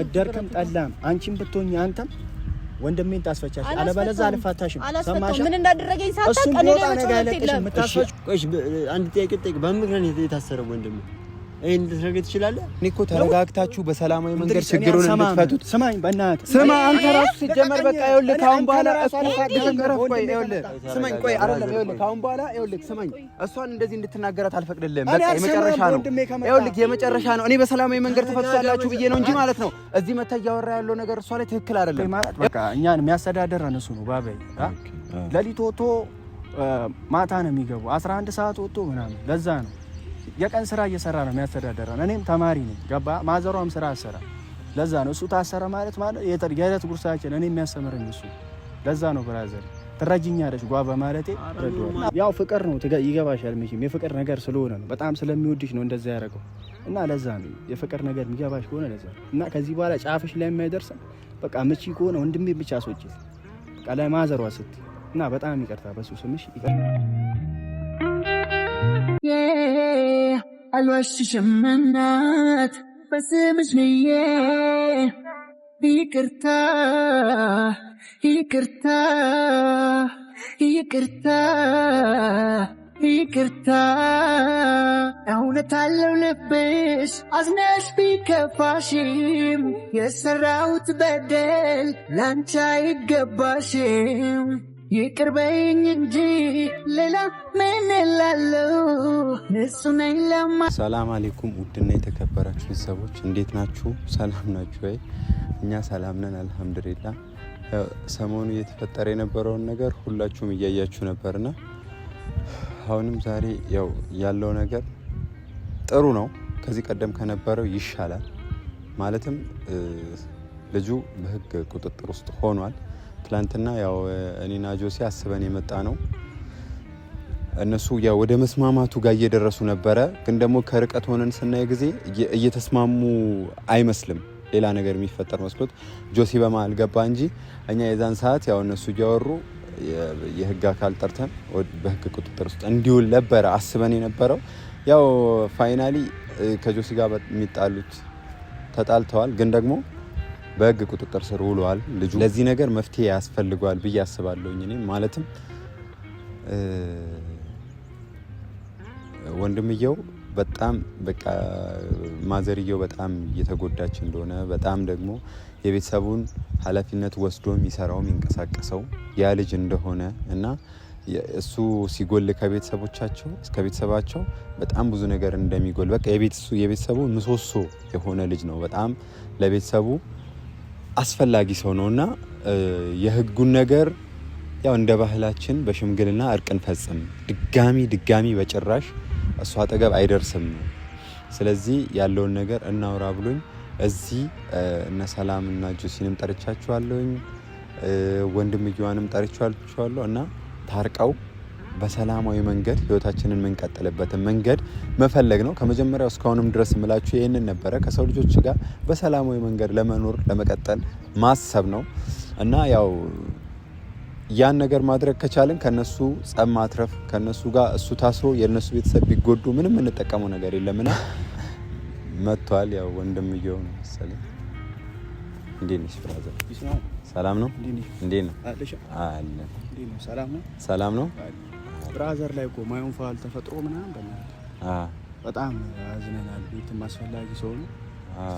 ወደድክም ጠላም አንቺም ብትሆኝ አንተም ወንድሜን ታስፈቻሽ። አለበለዚያ አልፋታሽም። ሰማሽ? ምን እንዳደረገኝ ሳታውቅ እኔ ነው የምታስፈጭ። ቆይ አንድ ጥያቄ ጠይቅ። በምን ምክንያት የታሰረው ወንድሜ ይሄን ልትረግ ትችላለህ። እኔ እኮ ተረጋግታችሁ በሰላማዊ መንገድ ችግሩን እንድትፈቱት ስማኝ፣ በእናትህ ስማ። አንተ ራሱ ሲጀመር በቃ ይኸውልህ፣ ካሁን በኋላ ስማኝ፣ ቆይ አይደለም፣ ካሁን በኋላ ይኸውልህ፣ ስማኝ፣ እሷን እንደዚህ እንድትናገራት አልፈቅድልህም። በቃ የመጨረሻ ነው፣ ይኸውልህ፣ የመጨረሻ ነው። እኔ በሰላማዊ መንገድ ትፈቱታላችሁ ብዬ ነው እንጂ ማለት ነው። እዚህ መታ እያወራ ያለው ነገር እሷ ላይ ትክክል አይደለም። በቃ እኛን የሚያስተዳደር እነሱ ነው። ባበይ ለሊት ወጥቶ ማታ ነው የሚገቡ፣ 11 ሰዓት ወጥቶ ምናምን። ለዛ ነው የቀን ስራ እየሰራ ነው የሚያስተዳደረን። እኔም ተማሪ ነኝ፣ ገባ ማዘሯም ስራ አሰራ። ለዛ ነው እሱ ታሰረ ማለት ማለት የዕለት ጉርሳችን እኔ የሚያስተምረኝ እሱ። ለዛ ነው ብራዘር ትረጅኛ ትረጅኛለች ጓበ ማለቴ ያው ፍቅር ነው ይገባሻል። መቼም የፍቅር ነገር ስለሆነ ነው በጣም ስለሚወድሽ ነው እንደዛ ያደረገው እና ለዛ ነው የፍቅር ነገር የሚገባሽ ከሆነ ለዛ እና ከዚህ በኋላ ጫፍሽ ላይ የማይደርሰን በቃ ምቺ ከሆነ ወንድሜ ብቻ አስወጪ በቃ ላይ ማዘሯ ስት እና በጣም ይቅርታ በሱ ስምሽ ይቅርታ አልዋሽሽም እናት በስምሽ ብዬ ይቅርታ ይቅርታ ይቅርታ ይቅርታ እውነት አለው ልብሽ አዝነሽ ቢከፋሽም የሰራሁት በደል ላንቺ አይገባሽም ይቅር በይኝ እንጂ ሌላ ምን እላለሁ? እሱ ነኝ ለማ። ሰላም አሌኩም ውድና የተከበራችሁ ቤተሰቦች እንዴት ናችሁ? ሰላም ናችሁ ወይ? እኛ ሰላም ነን አልሐምዱሊላ። ሰሞኑ እየተፈጠረ የነበረውን ነገር ሁላችሁም እያያችሁ ነበርና አሁንም ዛሬ ያው ያለው ነገር ጥሩ ነው። ከዚህ ቀደም ከነበረው ይሻላል። ማለትም ልጁ በህግ ቁጥጥር ውስጥ ሆኗል። ትላንትና ያው እኔና ጆሲ አስበን የመጣ ነው። እነሱ ያው ወደ መስማማቱ ጋር እየደረሱ ነበረ፣ ግን ደግሞ ከርቀት ሆነን ስናይ ጊዜ እየተስማሙ አይመስልም። ሌላ ነገር የሚፈጠር መስሎት ጆሲ በመሀል ገባ እንጂ እኛ የዛን ሰዓት ያው እነሱ እያወሩ የህግ አካል ጠርተን በህግ ቁጥጥር ውስጥ እንዲውል ነበረ አስበን የነበረው። ያው ፋይናሊ ከጆሲ ጋር የሚጣሉት ተጣልተዋል፣ ግን ደግሞ በህግ ቁጥጥር ስር ውሏል። ልጁ ለዚህ ነገር መፍትሄ ያስፈልገዋል ብዬ አስባለሁኝ። እኔ ማለትም ወንድምየው በጣም በቃ ማዘርየው በጣም እየተጎዳች እንደሆነ በጣም ደግሞ የቤተሰቡን ኃላፊነት ወስዶ የሚሰራው የሚንቀሳቀሰው ያ ልጅ እንደሆነ እና እሱ ሲጎል ከቤተሰቦቻቸው እስከ ቤተሰባቸው በጣም ብዙ ነገር እንደሚጎል በቃ የቤተሰቡ ምሰሶ የሆነ ልጅ ነው። በጣም ለቤተሰቡ አስፈላጊ ሰው ነው እና የህጉን ነገር ያው እንደ ባህላችን በሽምግልና እርቅን ፈጽም ድጋሚ ድጋሚ በጭራሽ እሱ አጠገብ አይደርስም። ስለዚህ ያለውን ነገር እናውራ ብሎኝ እዚህ እነ ሰላም እና ጆሲንም ጠርቻችኋለሁኝ፣ ወንድምየዋንም ጠርቻችኋለሁ እና ታርቀው በሰላማዊ መንገድ ህይወታችንን የምንቀጥልበትን መንገድ መፈለግ ነው። ከመጀመሪያው እስካሁንም ድረስ የምላችሁ ይህንን ነበረ። ከሰው ልጆች ጋር በሰላማዊ መንገድ ለመኖር ለመቀጠል ማሰብ ነው እና ያው ያን ነገር ማድረግ ከቻልን ከነሱ ጸብ ማትረፍ ከነሱ ጋር እሱ ታስሮ የእነሱ ቤተሰብ ቢጎዱ ምንም የምንጠቀመው ነገር የለምና መጥቷል። ያው ወንድምየው ነው መሰለኝ። እንዴት ነሽ ብራዘር? ሰላም ነው? እንዴት ነው? ሰላም ነው። ብራዘር ላይ እኮ ማየን ፋል ተፈጥሮ ምናምን በእናትህ በጣም አዝነናል። ቤትም አስፈላጊ ሰው ነው።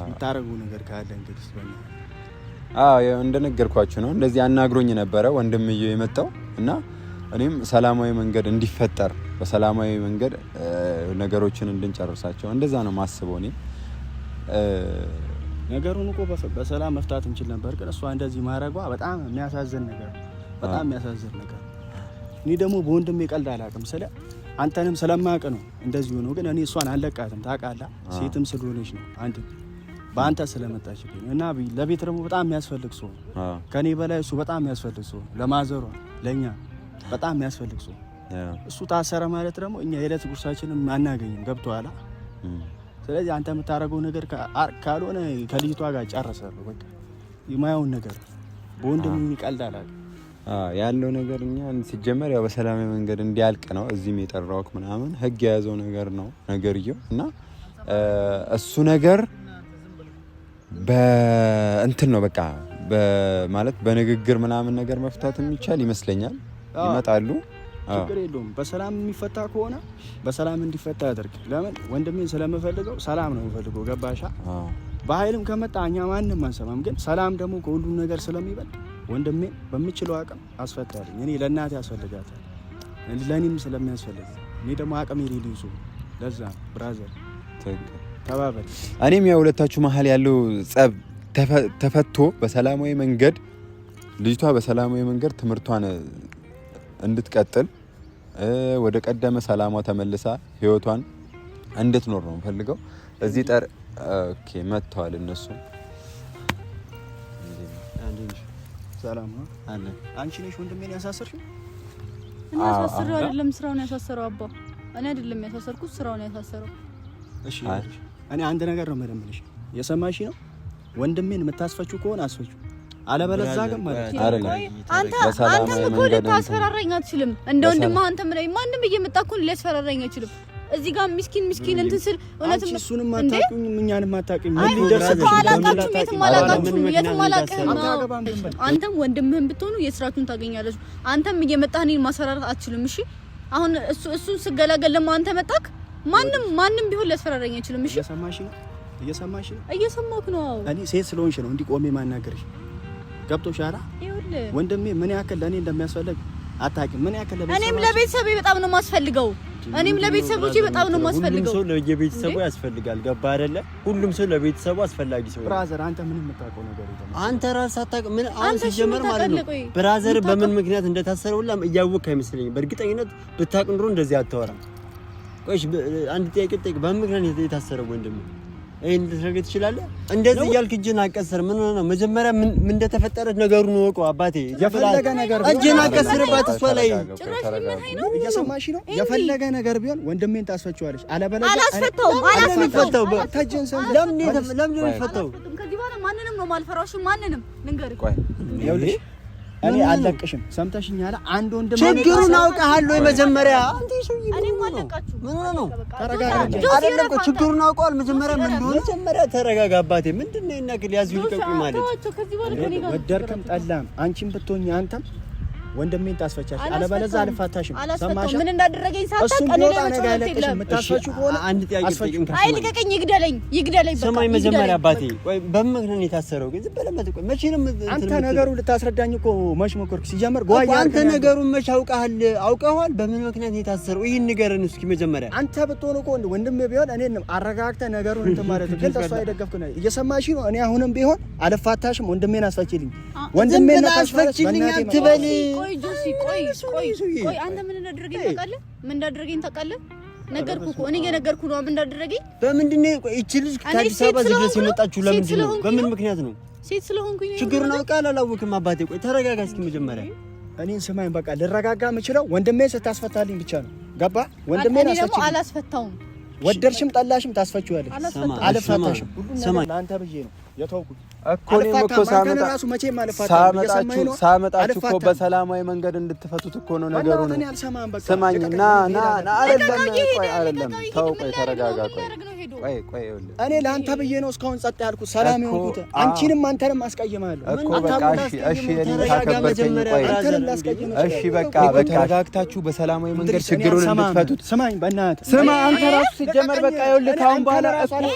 የምታደርገው ነገር ካለ እንግዲህ እንደነገርኳችሁ ነው። እንደዚህ አናግሮኝ ነበረ ወንድምዬው የመጣው እና እኔም ሰላማዊ መንገድ እንዲፈጠር በሰላማዊ መንገድ ነገሮችን እንድንጨርሳቸው እንደዛ ነው ማስበው። እኔ ነገሩን እኮ በሰላም መፍታት እንችል ነበር፣ ግን እሷ እንደዚህ ማድረጓ በጣም የሚያሳዝን ነገር በጣም የሚያሳዝን ነገር እኔ ደግሞ በወንድሜ ቀልድ አላውቅም ስለ አንተንም ስለማቅ ነው እንደዚህ ሆኖ፣ ግን እኔ እሷን አለቃትም ታውቃለህ፣ ሴትም ስለሆነች ነው አንድ በአንተ ስለመጣች እና ለቤት ደግሞ በጣም የሚያስፈልግ ሰው ከእኔ በላይ እሱ በጣም የሚያስፈልግ ሰው ለማዘሯ ለእኛ በጣም የሚያስፈልግ ሰው እሱ ታሰረ ማለት ደግሞ እኛ የዕለት ጉርሳችንም አናገኝም። ገብቶሃል? ስለዚህ አንተ የምታደርገው ነገር ካልሆነ ከልጅቷ ጋር ጨረሰ በቃ የማየውን ነገር በወንድም የሚቀልድ ይቀልዳል። ያለው ነገር እኛ ሲጀመር ያው በሰላማዊ መንገድ እንዲያልቅ ነው። እዚህም የጠራውክ ምናምን ህግ የያዘው ነገር ነው ነገርየው እና እሱ ነገር በእንትን ነው በቃ ማለት በንግግር ምናምን ነገር መፍታት የሚቻል ይመስለኛል። ይመጣሉ፣ ችግር የለውም። በሰላም የሚፈታ ከሆነ በሰላም እንዲፈታ ያደርግ። ለምን ወንድሜን ስለምፈልገው ሰላም ነው የምፈልገው። ገባሻ? በኃይልም ከመጣ እኛ ማንም አንሰማም፣ ግን ሰላም ደግሞ ከሁሉም ነገር ስለሚበልጥ ወንድሜ በምችለው አቅም አስፈታልኝ። እኔ ለእናቴ ያስፈልጋታል፣ ለእኔም ስለሚያስፈልግ እኔ ደግሞ አቅም የሌለው ለዛ ብራዘር ተባበል። እኔም ያው ሁለታችሁ መሀል ያለው ጸብ ተፈቶ በሰላማዊ መንገድ ልጅቷ በሰላማዊ መንገድ ትምህርቷን እንድትቀጥል ወደ ቀደመ ሰላሟ ተመልሳ ህይወቷን እንድትኖር ነው ፈልገው። እዚህ ጠር መጥተዋል እነሱም ሰላም ነው አለ። አንቺ ነሽ ወንድሜን ያሳሰርሽው? እኔ ያሳሰረው አይደለም፣ ስራውን ያሳሰረው አባ። እኔ አይደለም ያሳሰርኩት፣ ስራውን ያሳሰረው። እሺ እኔ አንድ ነገር ነው መደምልሽ፣ የሰማሽ ነው። ወንድሜን የምታስፈችው ከሆነ አስፈችው፣ አለበለዚያ ግን ማለት አይደለም። አንተ አንተም እኮ ልታስፈራራኝ አትችልም። እንደ ወንድምህ አንተ ላይ ማንም እየመጣ እኮ ሊያስፈራራኝ አይችልም። እዚህ ጋር ምስኪን ምስኪን እንትን ስል እውነትም እሱንም አታውቂውም እኛንም አታውቂውም። ምን ሊደርስ አላውቃችሁም። የትም አላውቃችሁም። የትም አላውቅም። አንተም ወንድምህን ብትሆኑ የስራችሁን ታገኛለች። አንተም እየመጣህ እኔን ማስፈራራት አትችልም። እሺ አሁን እሱ እሱ ስገላገል ለማ አንተ መጣክ። ማንም ማንም ቢሆን ሊያስፈራረኝ አይችልም። እሺ እየሰማሽኝ እየሰማሽኝ እየሰማክ ነው። እኔ ሴት ስለሆንሽ ነው እንዲህ ቆሜ ማናገርሽ። ገብቶሻል? ይኸውልህ ወንድሜ ምን ያክል ለእኔ እንደሚያስፈልግ አታውቂም። ምን ያክል እኔም ለቤተሰብ በጣም ነው የማስፈልገው። እኔም ለቤተሰቦቼ በጣም ነው የማስፈልገው። ሁሉም ሰው ለቤተሰቡ ያስፈልጋል። ገባ አይደለ? ሁሉም ሰው ለቤተሰቡ አስፈላጊ ሰው። ብራዘር አንተ ምን የምታውቀው ነገር የለም። አንተ ራስህ አታውቅም። ምን አሁን ሲጀመር ማለት ነው ብራዘር በምን ምክንያት እንደታሰረ ሁላም እያወቅህ አይመስለኝም። በእርግጠኝነት ብታውቅ ኑሮ እንደዚህ አታወራም። ቆይ አንድ ጥያቄ ጠይቅ። በምን ምክንያት የታሰረው ወንድምህ ይሄን ልትረግ ትችላለህ? እንደዚህ እያልክ እጅን አቀስር። ምን ሆነ ነው? መጀመሪያ ምን እንደተፈጠረ ነገሩን እወቀው አባቴ። የፈለገ ነገር እጅን አቀስርባት እሷ ላይ እየሰማሽ ነው። የፈለገ ነገር ቢሆን ወንድሜን ታስፈችዋለች። አለበለዚያ አላስፈታውም። አላስፈታውም። ማንንም ነው የማልፈራው። እኔ አለቅሽም። ሰምተሽኛል? አንድ ወንድም ችግሩን አውቀሃል ወይ? መጀመሪያ ችግሩን አውቀዋል። መጀመሪያ ምን እንደሆነ መጀመሪያ ተረጋጋ። አባቴ ምንድን ነው ያናግል ያዙ ይልቀቁኝ ማለት ወደድክም ጠላም አንቺም ብትሆኝ አንተም ወንድሜን ታስፈቻሽ፣ አለበለዚያ አልፋታሽም። ሰማሽ? ምን እንዳደረገኝ ሳታቀኝ ነው የምትወልድ። የምታስፈቺው ከሆነ አንድ ጥያቄ ጠይቅም። አይ ልቀቀኝ፣ ይግደለኝ፣ ይግደለኝ። ሰማኝ፣ መጀመሪያ አባቴ፣ ቆይ በምን ምክንያት የታሰረው? ግን ዝም ብለህ መጥቆይ መቼንም አንተ ነገሩ? ልታስረዳኝ እኮ መች ሞከርክ? ሲጀመር ጓያ አንተ ነገሩ መች አውቀሃል? አውቀዋል። በምን ምክንያት ነው የታሰረው? ይህን ንገረን እስኪ መጀመሪያ። አንተ ብትሆን እኮ ወንድሜ ቢሆን እኔን አረጋግተህ ነገሩን እንትን ማለት ግን ተስፋ የደገፍክ ነው። እየሰማሽ ነው? እኔ አሁንም ቢሆን አልፋታሽም። ወንድሜን አስፈችልኝ፣ ወንድሜን አስፈችልኝ አትበል ቆይ ጆሲ፣ ቆይ ቆይ ቆይ፣ አንተ ምን እንዳደረገኝ ታውቃለህ? ምን እንዳደረገኝ ታውቃለህ? ነገርኩ እኮ እኔ የነገርኩህ ነው። ምን እንዳደረገኝ በምንድን ነው? ቆይ እቺ ልጅ ከአዲስ አበባ ድረስ የመጣችሁ ለምንድን ነው? በምን ምክንያት ነው? ሴት ስለሆንኩኝ ችግሩን አውቃለሁ አላወቅም። አባቴ ቆይ ተረጋጋ እስኪ መጀመሪያ እኔን ስማኝ። በቃ ልረጋጋ የምችለው ወንድሜ ስታስፈታልኝ ብቻ ነው። ገባ? ወንድሜን አስፈታልኝ። አላስፈታውም። ወደድሽም ጠላሽም ታስፈችዋለሽ። አልፈታሽም። ለአንተ ብዬ ነው የተውኩት። እኮ እኔም እኮ ሳመጣችሁ ሳመጣችሁ እኮ በሰላማዊ መንገድ እንድትፈቱት እኮ ነው ነገሩ። ነው ስማኝ፣ ና ና ና። አይደለም፣ ቆይ፣ አይደለም፣ ተው፣ ቆይ፣ ተረጋጋ፣ ቆይ፣ ቆይ፣ ቆይ። እኔ ለአንተ ብዬ ነው እስካሁን ጸጥ ያልኩት፣ ሰላም የሆንኩት። አንቺንም አንተንም አስቀይማለሁ እኮ። በቃ እሺ፣ እሺ፣ እኔ ካከበርከኝ፣ ቆይ፣ እሺ፣ በቃ በቃ፣ ተረጋግታችሁ በሰላማዊ መንገድ ችግሩን እንድትፈቱት። ስማኝ፣ በእናትህ ስማ፣ አንተ ራሱ ሲጀመር በቃ፣ ይኸውልህ፣ ከአሁን በኋላ እኮ ስማኝ፣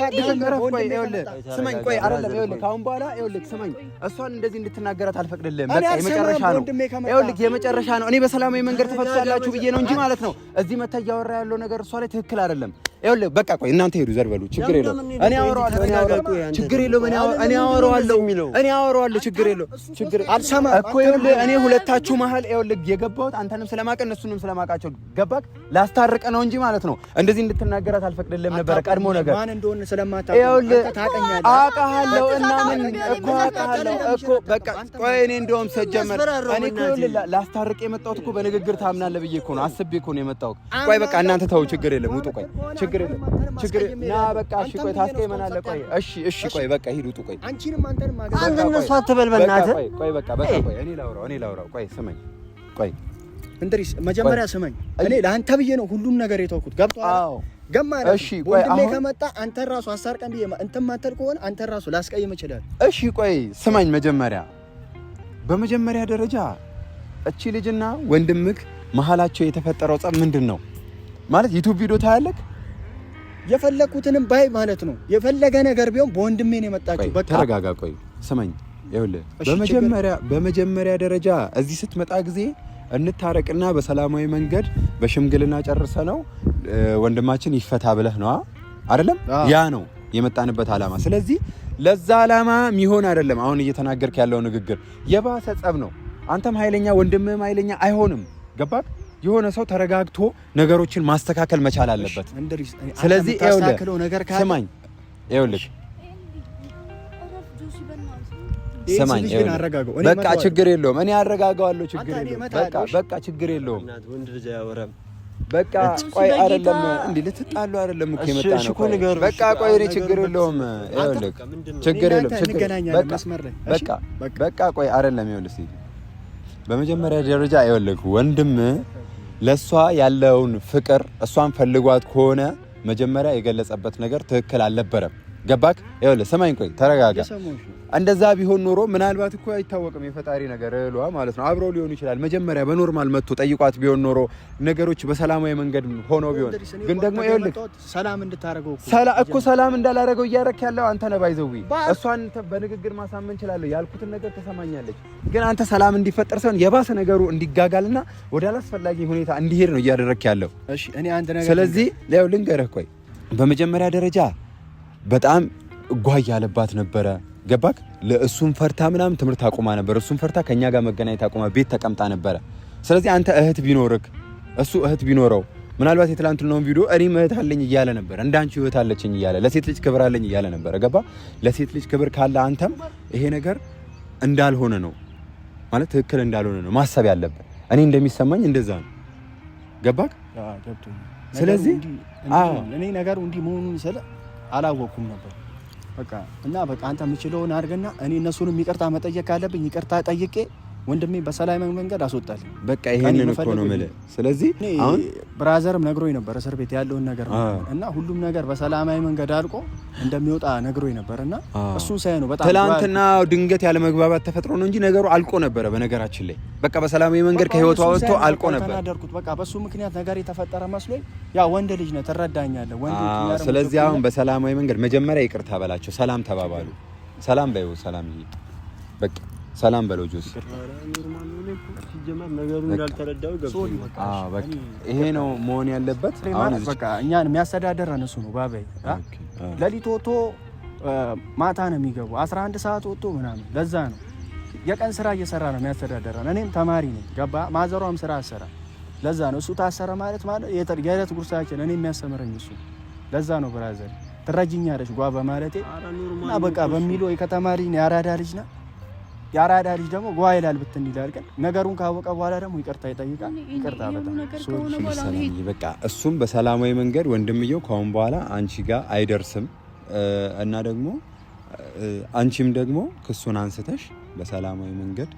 ቆይ፣ አይደለም፣ ይኸውልህ፣ ከአሁን በኋላ በኋላ ይኸውልህ፣ ስማኝ፣ እሷን እንደዚህ እንድትናገራት አልፈቅድልህም። በቃ የመጨረሻ ነው። ይኸውልህ፣ የመጨረሻ ነው። እኔ በሰላማዊ መንገድ ተፈትቷላችሁ ብዬ ነው እንጂ ማለት ነው እዚህ መታ እያወራ ያለው ነገር እሷ ላይ ትክክል አይደለም። ይኸውልህ በቃ ቆይ፣ እናንተ ሄዱ ዘር ችግር የለውም። እኔ ሁለታችሁ መሀል ይኸውልህ የገባሁት አንተንም ስለማቀ እነሱንም ስለማቃቸው ገባክ፣ ላስታርቅ ነው እንጂ ማለት ነው። እንደዚህ እንድትናገራት አልፈቅድልህም ነበረ ቀድሞ ነገር ላስታርቅ የመጣሁት በንግግር ታምናለህ ብዬ ነው አስቤ ነው የመጣሁት። ቆይ በቃ እናንተ ተው፣ ችግር የለም ውጡ፣ ቆይ ችግር ችግር ና በቃ እሺ ቆይ ቆይ እሺ እሺ ቆይ በቃ ሂድ ውጡ ቆይ ቆይ በቃ በቃ ቆይ እኔ ላውራው እኔ ላውራው ቆይ ስመኝ ቆይ መጀመሪያ ስመኝ እኔ ለአንተ ብዬ ነው ሁሉም ነገር የተውኩት ገብቶሃል ገማ እሺ ቆይ አሁን ከመጣ አንተ ራሱ አሳርቀን ብዬ እንትን ማተል ከሆነ አንተ ራሱ ላስቀይም እሺ ቆይ ስመኝ መጀመሪያ በመጀመሪያ ደረጃ እቺ ልጅና ወንድምክ መሀላቸው የተፈጠረው ጸብ ምንድን ነው ማለት ዩቲዩብ ቪዲዮ ታያለክ የፈለግኩትንም ባይ ማለት ነው። የፈለገ ነገር ቢሆን በወንድሜ ነው የመጣችው። ተረጋጋ። ቆይ ይኸውልህ በመጀመሪያ በመጀመሪያ ደረጃ እዚህ ስትመጣ ጊዜ እንታረቅና በሰላማዊ መንገድ በሽምግልና ጨርሰ ነው ወንድማችን ይፈታ ብለህ ነው አይደለም? ያ ነው የመጣንበት ዓላማ። ስለዚህ ለዛ ዓላማ የሚሆን አይደለም አሁን እየተናገርክ ያለው ንግግር። የባሰ ጸብ ነው። አንተም ኃይለኛ ወንድምህም ኃይለኛ አይሆንም። ገባክ? የሆነ ሰው ተረጋግቶ ነገሮችን ማስተካከል መቻል አለበት። ስለዚህ ስማኝ፣ ይኸውልህ ስማኝ በቃ ችግር የለውም። እኔ አረጋጋዋለሁ። ችግር የለውም። በቃ በቃ ችግር የለውም። በቃ ቆይ፣ አይደለም እንዴ ልትጣሉ አይደለም እኮ የመጣ ነው። በቃ ቆይ፣ እኔ ችግር የለውም። ይኸውልህ ችግር የለውም። በቃ በቃ ቆይ፣ አይደለም ይኸውልህ፣ በመጀመሪያ ደረጃ ይኸውልህ ወንድም ለእሷ ያለውን ፍቅር እሷን ፈልጓት ከሆነ መጀመሪያ የገለጸበት ነገር ትክክል አልነበረም። ገባክ? ይኸውልህ ስማኝ፣ ቆይ ተረጋጋ። እንደዛ ቢሆን ኖሮ ምናልባት እኮ አይታወቅም፣ የፈጣሪ ነገር እሏ ማለት ነው። አብረው ሊሆን ይችላል። መጀመሪያ በኖርማል መጥቶ ጠይቋት ቢሆን ኖሮ ነገሮች በሰላማዊ መንገድ ሆኖ ቢሆን ግን ደግሞ ይኸውልህ፣ ሰላም እንድታረገው እኮ ሰላም እንዳላረገው እያረክ ያለው አንተ ነህ። ባይዘዊ እሷን በንግግር ማሳመን እንችላለሁ። ያልኩትን ነገር ተሰማኛለች። ግን አንተ ሰላም እንዲፈጠር ሳይሆን የባሰ ነገሩ እንዲጋጋልና ወደ አላስፈላጊ ሁኔታ እንዲሄድ ነው እያደረክ ያለው። እሺ እኔ አንተ ነገር ስለዚህ ልንገርህ፣ ቆይ በመጀመሪያ ደረጃ በጣም ጓያ ያለባት ነበረ ገባክ? ለእሱም ፈርታ ምናምን ትምህርት አቁማ ነበር። እሱም ፈርታ ከኛ ጋር መገናኘት አቁማ ቤት ተቀምጣ ነበረ። ስለዚህ አንተ እህት ቢኖርክ እሱ እህት ቢኖረው ምናልባት የትላንትናውን ቪዲዮ እኔም እህት አለኝ እያለ ነበር፣ እንዳንቺ እህት አለችኝ እያለ ለሴት ልጅ ክብር አለኝ እያለ ነበረ። ገባ? ለሴት ልጅ ክብር ካለ አንተም ይሄ ነገር እንዳልሆነ ነው ማለት ትክክል እንዳልሆነ ነው ማሰብ ያለብን። እኔ እንደሚሰማኝ እንደዛ ነው። ገባክ? ስለዚህ እኔ ነገሩ እንዲህ መሆኑን ስለ አላወቅኩም ነበር በቃ እና በቃ አንተ የምችለውን አድርግና እኔ እነሱንም ይቅርታ መጠየቅ ካለብኝ ይቅርታ ጠይቄ ወንድሜ በሰላማዊ መንገድ አስወጣል። በቃ ይሄን እኮ ነው የምልህ። ስለዚህ አሁን ብራዘርም ነግሮኝ ነበር እስር ቤት ያለውን ነገር እና ሁሉም ነገር በሰላማዊ መንገድ አልቆ እንደሚወጣ ነግሮኝ ነበር እና እሱን ሳይ ነው በጣም ትናንትና ድንገት ያለ መግባባት ተፈጥሮ ነው እንጂ ነገሩ አልቆ ነበረ። በነገራችን ላይ በቃ በሰላማዊ መንገድ ከህይወቱ ወጥቶ አልቆ ነበር። ተናደርኩት በቃ በሱ ምክንያት ነገር የተፈጠረ መስሎኝ፣ ያ ወንድ ልጅ ነው ትረዳኛለህ። ወንድ ስለዚህ አሁን በሰላማዊ መንገድ መጀመሪያ ይቅርታ በላቸው፣ ሰላም ተባባሉ፣ ሰላም በይው፣ ሰላም በቃ ሰላም በለው ጆሲ። ይሄ ነው መሆን ያለበት። እኛን የሚያስተዳደረን እሱ ነው። ባባይ ሌሊት ወጥቶ ማታ ነው የሚገቡ 11 ሰዓት ወጥቶ ምናምን። ለዛ ነው የቀን ስራ እየሰራ ነው የሚያስተዳደረን። እኔም ተማሪ ነኝ፣ ገባ ማዘሯም ስራ አሰራ። ለዛ ነው እሱ ታሰረ ማለት ማለት የዕለት ጉርሳችን እኔ የሚያስተምረኝ እሱ። ለዛ ነው ብራዘር ትረጅኛለች ጓ በማለቴ እና በቃ በሚለው ከተማሪ የአራዳ ልጅ ና የአራዳ ልጅ ደግሞ ዋ ይላል ብትን ይላል። ነገሩን ካወቀ በኋላ ደግሞ ይቅርታ ይጠይቃል። በቃ እሱም በሰላማዊ መንገድ ወንድምየው ከአሁን በኋላ አንቺ ጋር አይደርስም እና ደግሞ አንቺም ደግሞ ክሱን አንስተሽ በሰላማዊ መንገድ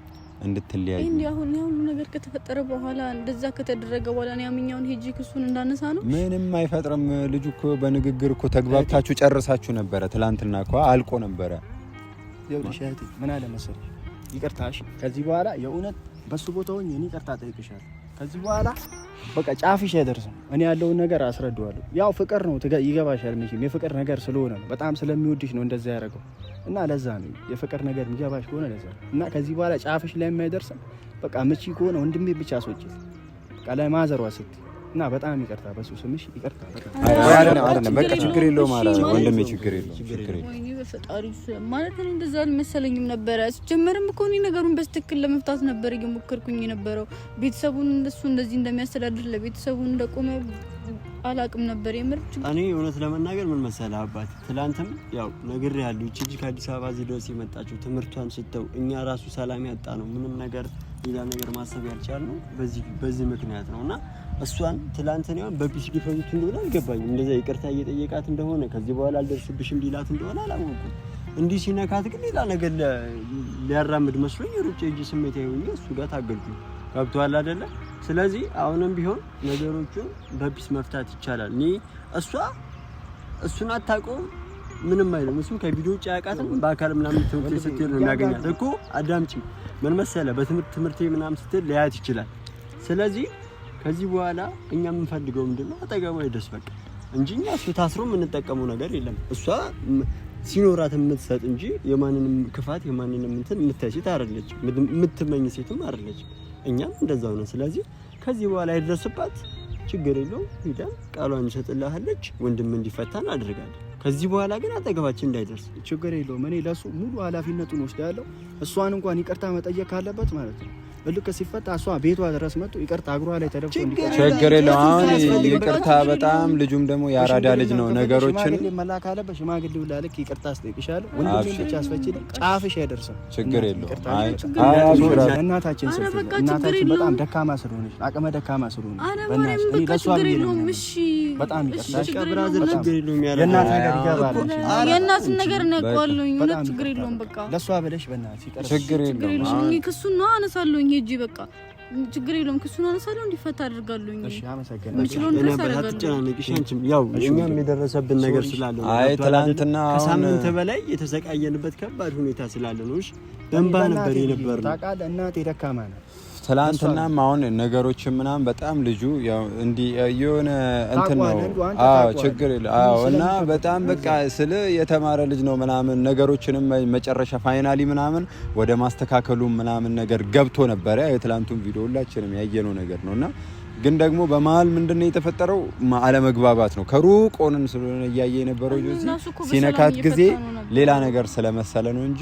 እንድትለያዩ እንዴ አሁን ያሁኑ ነገር ከተፈጠረ በኋላ እንደዛ ከተደረገ በኋላ ነው ያምኛውን ሄጂ ክሱን እንዳነሳ ነው። ምንም አይፈጥርም። ልጁ እኮ በንግግር እኮ ተግባብታችሁ ጨርሳችሁ ነበረ። ትላንትና እኮ አልቆ ነበረ። ምን አለ መሰለኝ ይቅርታሽ ከዚህ በኋላ የእውነት በሱ ቦታ ሆኜ እኔ ይቅርታ ጠይቅሻለሁ። ከዚህ በኋላ በቃ ጫፍሽ አይደርስም። እኔ ያለውን ነገር አስረዳዋለሁ። ያው ፍቅር ነው ይገባሻል። መቼም የፍቅር ነገር ስለሆነ ነው በጣም ስለሚወድሽ ነው እንደዛ ያደረገው እና ለዛ ነው የፍቅር ነገር የሚገባሽ ከሆነ ለዛ እና ከዚህ በኋላ ጫፍሽ ላይ የማይደርስም በቃ ምቺ ከሆነ ወንድሜ ብቻ አስወጪት ቃላይ ማዘሯ ስትይ እና በጣም ይቅርታ፣ በሱ ስምሽ ይቅርታ። በቃ ችግር የለውም ወንድሜ፣ ችግር የለውም በፈጣሪ ማለት ነው። እንደዛ አልመሰለኝም ነበረ። ጀመርም እኮ እኔ ነገሩን በስትክል ለመፍታት ነበር እየሞከርኩኝ የነበረው። ቤተሰቡን እንደሱ እንደዚህ እንደሚያስተዳድር ለቤተሰቡ እንደቆመ አላቅም ነበር የምር። እኔ እውነት ለመናገር ምን መሰለህ አባት፣ ትላንትም ያው ነገር ያለው እቺ ልጅ ከአዲስ አበባ እዚህ ድረስ የመጣችው ትምህርቷን ስተው እኛ ራሱ ሰላም ያጣ ነው ምንም ነገር ሌላ ነገር ማሰብ ያልቻል ነው በዚህ በዚህ ምክንያት ነውና እሷን ትላንት ነው በፒሲ ሊፈቱት እንደሆነ አልገባኝም። እንደዛ ይቅርታ እየጠየቃት እንደሆነ ከዚህ በኋላ አልደርስብሽም ሊላት እንደሆነ አላወኩም። እንዲህ ሲነካት ግን ሌላ ነገር ሊያራምድ መስሎኝ ሩጬ እጅ ስሜት ያየሁኝ እሱ ጋር ታገልኩ። ገብቶሃል አይደለ? ስለዚህ አሁንም ቢሆን ነገሮቹን በፒስ መፍታት ይቻላል። እኔ እሷ እሱን አታውቀውም ምንም አይልም። እሱም ከቪዲዮ ውጭ አያውቃትም። በአካል ምናምን ትምህርት ስትል ነው የሚያገኛት እኮ። አዳምጪ፣ ምን መሰለህ፣ በትምህርት ትምህርቴ ምናምን ስትል ሊያያት ይችላል። ስለዚህ ከዚህ በኋላ እኛ የምንፈልገው ምንድነው? አጠገቧ ይደርስ በቃ እንጂ እኛ እሱ ታስሮ የምንጠቀመው ነገር የለም። እሷ ሲኖራት የምትሰጥ እንጂ የማንንም ክፋት የማንንም እንትን የምታይ ሴት አይደለች፣ የምትመኝ ሴትም አይደለች። እኛም እንደዛው ነው። ስለዚህ ከዚህ በኋላ ይደርስባት፣ ችግር የለው ሂደን ቃሏን እንሰጥልሃለች፣ ወንድም እንዲፈታን አድርጋለች። ከዚህ በኋላ ግን አጠገባችን እንዳይደርስ ችግር የለውም። እኔ ለእሱ ሙሉ ኃላፊነቱን ወስዳለሁ። እሷን እንኳን ይቅርታ መጠየቅ ካለበት ማለት ነው እልቅ ሲፈታ እሷ ቤቷ ድረስ መጡ። ይቅርታ እግሯ ላይ ተደፍቶ ችግር የለው አሁን ይቅርታ። በጣም ልጁም ደግሞ የአራዳ ልጅ ነው። ነገሮችን መላክ አለበት። ሽማግሌ ሁላ ልክ ይቅርታ አስጠይቅሻለሁ። ወንድም ልጅ አስፈችል ጫፍሽ አይደርስም። ችግር የለው እናታችን ስ እናታችን በጣም ደካማ ስለሆነች አቅመ ደካማ ስለሆነ በእናትሽ በጣም የእናትን ነገር እናውቀዋለሁኝ። ችግር የለውም በቃ ለእሷ ብለሽ በእናትሽ ችግር የለውም ክሱን ነው አነሳለሁኝ ሂጂ በቃ ችግር የለውም። ክሱን አነሳለሁ እንዲፈታ አድርጋለሁ። እሺ አመሰግናለሁ። ያው እኛም የደረሰብን ነገር ስላለ አይ ትናንትና ከሳምንት በላይ የተሰቃየንበት ከባድ ሁኔታ ስላለ ነው። እሺ በእንባ ነበር የነበረው። ታውቃለህ እናቴ ደካማ ናት። ትላንትናም አሁን ነገሮች ምናምን በጣም ልጁ እንዲህ የሆነ እንትን ነው። አዎ ችግር የለ። አዎ እና በጣም በቃ ስለ የተማረ ልጅ ነው ምናምን ነገሮችንም መጨረሻ ፋይናሊ ምናምን ወደ ማስተካከሉ ምናምን ነገር ገብቶ ነበረ። የትላንቱን ቪዲዮ ሁላችንም ያየነው ነገር ነው እና ግን ደግሞ በመሀል ምንድነው የተፈጠረው? አለመግባባት ነው። ከሩቅ ሆነን ስለሆነ እያየ የነበረው ሲነካት ጊዜ ሌላ ነገር ስለመሰለ ነው እንጂ